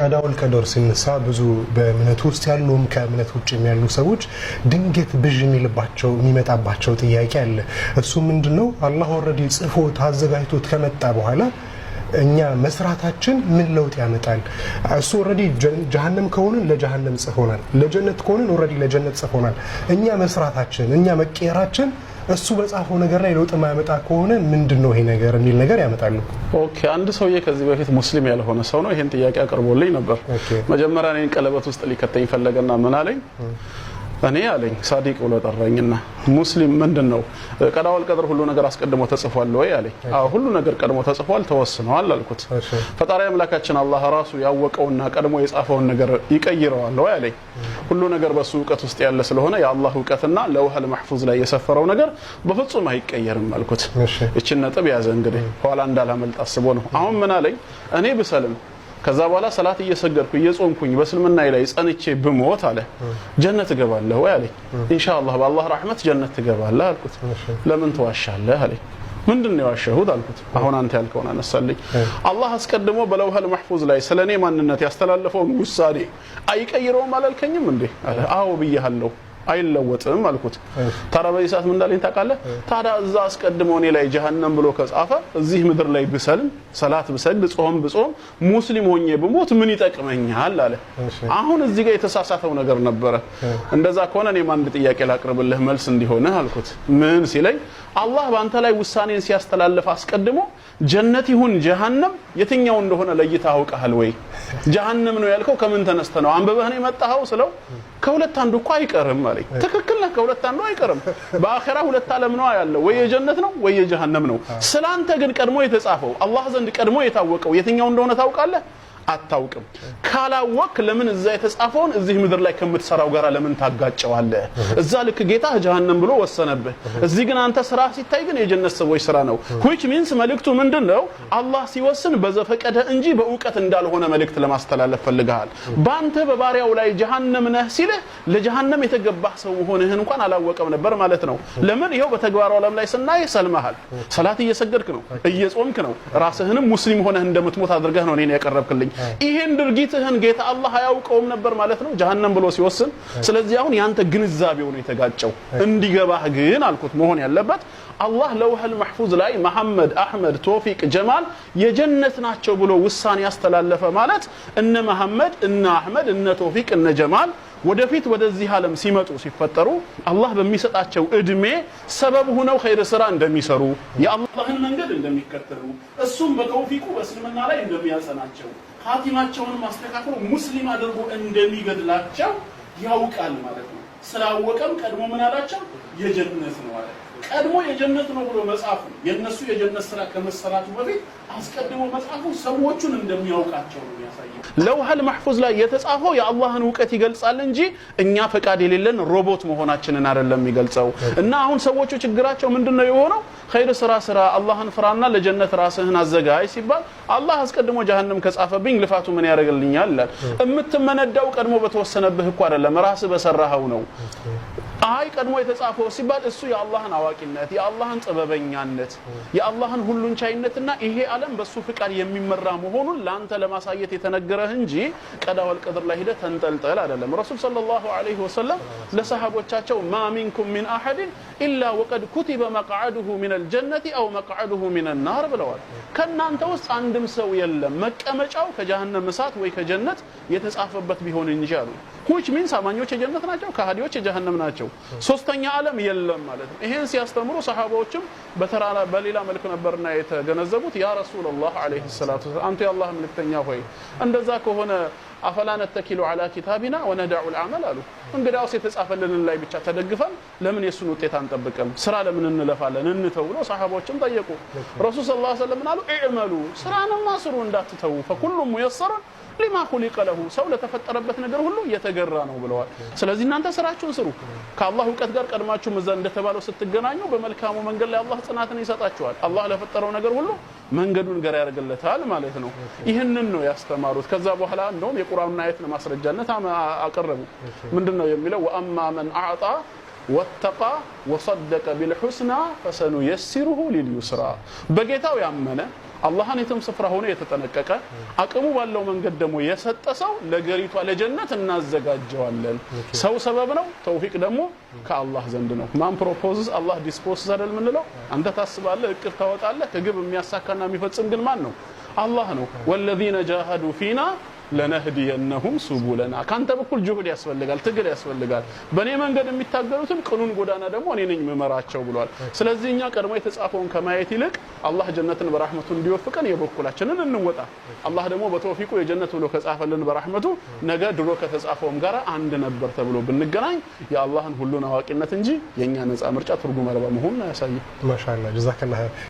ከዳውል ቀዶር ሲነሳ ብዙ በእምነት ውስጥ ያሉም ከእምነት ውጭ ያሉ ሰዎች ድንገት ብዥ የሚልባቸው የሚመጣባቸው ጥያቄ አለ። እሱ ምንድን ነው? አላህ ወረዲ ጽፎት አዘጋጅቶት ከመጣ በኋላ እኛ መስራታችን ምን ለውጥ ያመጣል? እሱ ኦልሬዲ ጀሀነም ከሆንን ለጀሀነም ጽፎናል፣ ለጀነት ከሆንን ኦልሬዲ ለጀነት ጽፎናል። እኛ መስራታችን እኛ መቀየራችን እሱ በጻፈው ነገር ላይ ለውጥ የማያመጣ ከሆነ ምንድን ነው ይሄ ነገር የሚል ነገር ያመጣሉ። ኦኬ አንድ ሰውዬ ከዚህ በፊት ሙስሊም ያልሆነ ሰው ነው ይሄን ጥያቄ አቅርቦልኝ ነበር። መጀመሪያ እኔን ቀለበት ውስጥ ሊከተኝ ፈለገና ምን አለኝ እኔ አለኝ ሳዲቅ ብሎ ጠራኝና ሙስሊም ምንድን ነው ቀዳወል ቀድር ሁሉ ነገር አስቀድሞ ተጽፏል ወይ አለኝ። አዎ ሁሉ ነገር ቀድሞ ተጽፏል ተወስነዋል አልኩት። ፈጣሪ አምላካችን አላህ ራሱ ያወቀውና ቀድሞ የጻፈውን ነገር ይቀይረዋል ወይ አለኝ። ሁሉ ነገር በሱ እውቀት ውስጥ ያለ ስለሆነ የአላህ እውቀትና ለውሃል መሕፉዝ ላይ የሰፈረው ነገር በፍጹም አይቀየርም አልኩት። እችን ነጥብ ያዘ እንግዲህ ኋላ እንዳላመልጥ አስቦ ነው። አሁን ምን አለኝ እኔ ብሰልም ከዛ በኋላ ሰላት እየሰገድኩ እየጾምኩኝ በእስልምና ላይ ጸንቼ ብሞት አለ ጀነት እገባለሁ ወይ አለኝ። ኢንሻአላህ በአላህ ረሕመት ጀነት ትገባለህ አልኩት። ለምን ትዋሻለህ አለኝ። ምንድን ነው የዋሸሁት አልኩት። አሁን አንተ ያልከውን አነሳልኝ። አላህ አስቀድሞ በለውሀል መሕፉዝ ላይ ስለ እኔ ማንነት ያስተላለፈውን ውሳኔ አይቀይረውም አላልከኝም እንዴ? አዎ ብያሃለሁ አይለወጥም አልኩት። ታዲያ በዚህ ሰዓት ምን እንዳለኝ ታውቃለህ? ታዲያ እዛ አስቀድሞ እኔ ላይ ጀሀነም ብሎ ከጻፈ እዚህ ምድር ላይ ብሰልም፣ ሰላት ብሰግድ፣ ጾም ብጾም፣ ሙስሊም ሆኜ ብሞት ምን ይጠቅመኛል አለ። አሁን እዚህ ጋር የተሳሳተው ነገር ነበረ። እንደዛ ከሆነ እኔም አንድ ጥያቄ ላቅርብልህ መልስ እንዲሆንህ አልኩት። ምን ሲለኝ አላህ በአንተ ላይ ውሳኔን ሲያስተላልፍ አስቀድሞ ጀነት ይሁን ጀሀነም የትኛው እንደሆነ ለይተህ አውቀሃል ወይ? ጀሀነም ነው ያልከው ከምን ተነስተ ነው አንብበህ ነው የመጣኸው ስለው ከሁለት አንዱ እኮ አይቀርም አለኝ። ትክክል ነህ፣ ከሁለት አንዱ አይቀርም። በአኼራ ሁለት ዓለም ነው ያለው፣ ወይ የጀነት ነው ወይ የጀሃነም ነው። ስላንተ ግን ቀድሞ የተጻፈው አላህ ዘንድ ቀድሞ የታወቀው የትኛው እንደሆነ ታውቃለህ? አታውቅም። ካላወቅ ለምን እዛ የተጻፈውን እዚህ ምድር ላይ ከምትሰራው ጋር ለምን ታጋጨዋለህ? እዛ ልክ ጌታ ጀሃነም ብሎ ወሰነብህ። እዚህ ግን አንተ ስራ ሲታይ ግን የጀነት ሰዎች ስራ ነው። which means መልእክቱ ምንድን ነው? አላህ ሲወስን በዘፈቀደ እንጂ በእውቀት እንዳልሆነ መልእክት ለማስተላለፍ ፈልገሃል። በአንተ በባሪያው ላይ ጀሃነም ነህ ሲልህ ለጀሃነም የተገባህ ሰው መሆንህን እንኳን አላወቀም ነበር ማለት ነው። ለምን ይኸው በተግባሩ ዓለም ላይ ስናይ ሰልመሃል። ሰላት እየሰገድክ ነው፣ እየጾምክ ነው፣ ራስህንም ሙስሊም ሆነህ እንደምትሞት አድርገህ ነው እኔን ያቀረብክልኝ አልችልም። ይሄን ድርጊትህን ጌታ አላህ አያውቀውም ነበር ማለት ነው ጀሀነም ብሎ ሲወስን። ስለዚህ አሁን ያንተ ግንዛቤው ነው የተጋጨው። እንዲገባህ ግን አልኩት መሆን ያለበት አላህ ለውህል መሕፉዝ ላይ መሐመድ፣ አሕመድ፣ ቶፊቅ፣ ጀማል የጀነት ናቸው ብሎ ውሳኔ ያስተላለፈ ማለት እነ መሐመድ፣ እነ አሕመድ፣ እነ ቶፊቅ፣ እነ ጀማል ወደፊት ወደዚህ ዓለም ሲመጡ ሲፈጠሩ አላህ በሚሰጣቸው እድሜ ሰበብ ሆነው ኸይር ስራ እንደሚሰሩ የአላህን መንገድ እንደሚከተሉ እሱም በተውፊቁ በእስልምና ላይ እንደሚያጸናቸው ሀቲማቸውን ማስተካከሉ ሙስሊም አድርጎ እንደሚገድላቸው ያውቃል ማለት ነው። ስላወቀም ቀድሞ ምን አላቸው? የጀነት ነው አለ። ቀድሞ የጀነት ነው ብሎ መጽሐፉ የእነሱ የጀነት ስራ ከመሰራቱ በፊት አስቀድሞ መጽሐፉ ሰዎቹን እንደሚያውቃቸው ነው የሚያሳየው። ለውሃል ማህፉዝ ላይ የተጻፈው የአላህን እውቀት ይገልጻል እንጂ እኛ ፈቃድ የሌለን ሮቦት መሆናችንን አይደለም የሚገልጸው። እና አሁን ሰዎቹ ችግራቸው ምንድን ነው የሆነው? ኸይር ስራ ስራ፣ አላህን ፍራና ለጀነት ራስህን አዘጋጅ ሲባል አላህ አስቀድሞ ጀሃንም ከጻፈብኝ ልፋቱ ምን ያደርግልኛል ይላል። የምትመነዳው ቀድሞ በተወሰነብህ እኮ አይደለም፣ ራስህ በሰራኸው ነው። አይ ቀድሞ የተጻፈው ሲባል እሱ የአላህን አዋ አዋቂነት፣ የአላህን ጥበበኛነት፣ የአላህን ሁሉን ቻይነትና ይሄ ዓለም በሱ ፍቃድ የሚመራ መሆኑን ለአንተ ለማሳየት የተነገረህ እንጂ ቀዳ ወልቀድር ላይ ሂደህ ተንጠልጠል አይደለም። ረሱል ሰለላሁ ዐለይሂ ወሰለም ለሰሃቦቻቸው ማ ሚንኩም ሚን አሐድን ኢላ ወቀድ ኩቲበ መቅዓድሁ ሚነል ጀነቲ አው መቅዓድሁ ሚነል ናር ብለዋል። ከእናንተ ውስጥ አንድም ሰው የለም መቀመጫው ከጀሃነም እሳት ወይ ከጀነት የተጻፈበት ቢሆን እንጂ አሉ። ሁች ሚንስ አማኞች የጀነት ናቸው፣ ከሃዲዎች የጀሃነም ናቸው። ሶስተኛ ዓለም የለም ማለት ነው። ሲያስተምሩ ሰሃባዎችም በሌላ መልክ ነበርና የተገነዘቡት ያ ረሱላህ አለይሂ ሰላቱ ወሰላም አንተ የአላህ መልእክተኛ ሆይ እንደዛ ከሆነ አፈላ ነተኪሉ አላ ኪታቢና ወነዳዑ ልአመል አሉ። እንግዲያውስ የተጻፈልንን ላይ ብቻ ተደግፈን ለምን የእሱን ውጤት አንጠብቅም? ስራ ለምን እንለፋለን? እንተው ብሎ ሰሓቦችም ጠየቁ። ረሱል ስ ላ ስለም አሉ ኢዕመሉ ስራንማ ስሩ እንዳትተዉ፣ ፈኩሉም ሙየሰሩን ሊማ ሁሊቀ ለሁ ሰው ለተፈጠረበት ነገር ሁሉ የተገራ ነው ብለዋል። ስለዚህ እናንተ ስራችሁን ስሩ ከአላህ እውቀት ጋር ቀድማችሁ እዛ እንደተባለው ስትገናኙ ከተገናኙ በመልካሙ መንገድ ላይ አላህ ጽናትን ይሰጣቸዋል። አላህ ለፈጠረው ነገር ሁሉ መንገዱን ገር ያደርግለታል ማለት ነው። ይህንን ነው ያስተማሩት። ከዛ በኋላ እንደውም የቁርአኑን አየት ለማስረጃነት አቀረቡ። ምንድን ነው የሚለው? ወአማ መን አዕጣ ወተቃ ወሰደቀ ቢልሑስና ፈሰኑየሲሩሁ ሊልዩስራ በጌታው ያመነ አላህን የትም ስፍራ ሆኖ የተጠነቀቀ አቅሙ ባለው መንገድ ደግሞ የሰጠ ሰው ለገሪቷ ለጀነት እናዘጋጀዋለን። ሰው ሰበብ ነው። ተውፊቅ ደግሞ ከአላህ ዘንድ ነው። ማን ፕሮፖዝስ አላህ ዲስፖዝስ አይደል የምንለው። አንተ ታስባለህ፣ እቅድ ታወጣለህ። ከግብ የሚያሳካና የሚፈጽም ግን ማን ነው? አላህ ነው። ወለዚነ ጃሃዱ ፊና ለነህዲየነሁም ሱቡለና ካንተ በኩል ጅሁድ ያስፈልጋል፣ ትግል ያስፈልጋል። በእኔ መንገድ የሚታገሉትም ቅኑን ጎዳና ደግሞ እኔ ነኝ ምመራቸው ብሏል። ስለዚህ እኛ ቀድሞ የተጻፈውን ከማየት ይልቅ አላህ ጀነትን በራህመቱ እንዲወፍቀን የበኩላችንን እንወጣ። አላህ ደግሞ በተውፊቁ የጀነት ብሎ ከጻፈልን በራህመቱ ነገ ድሮ ከተጻፈውም ጋር አንድ ነበር ተብሎ ብንገናኝ የአላህን ሁሉን አዋቂነት እንጂ የእኛ ነፃ ምርጫ ትርጉም አልባ መሆኑን አያሳይም።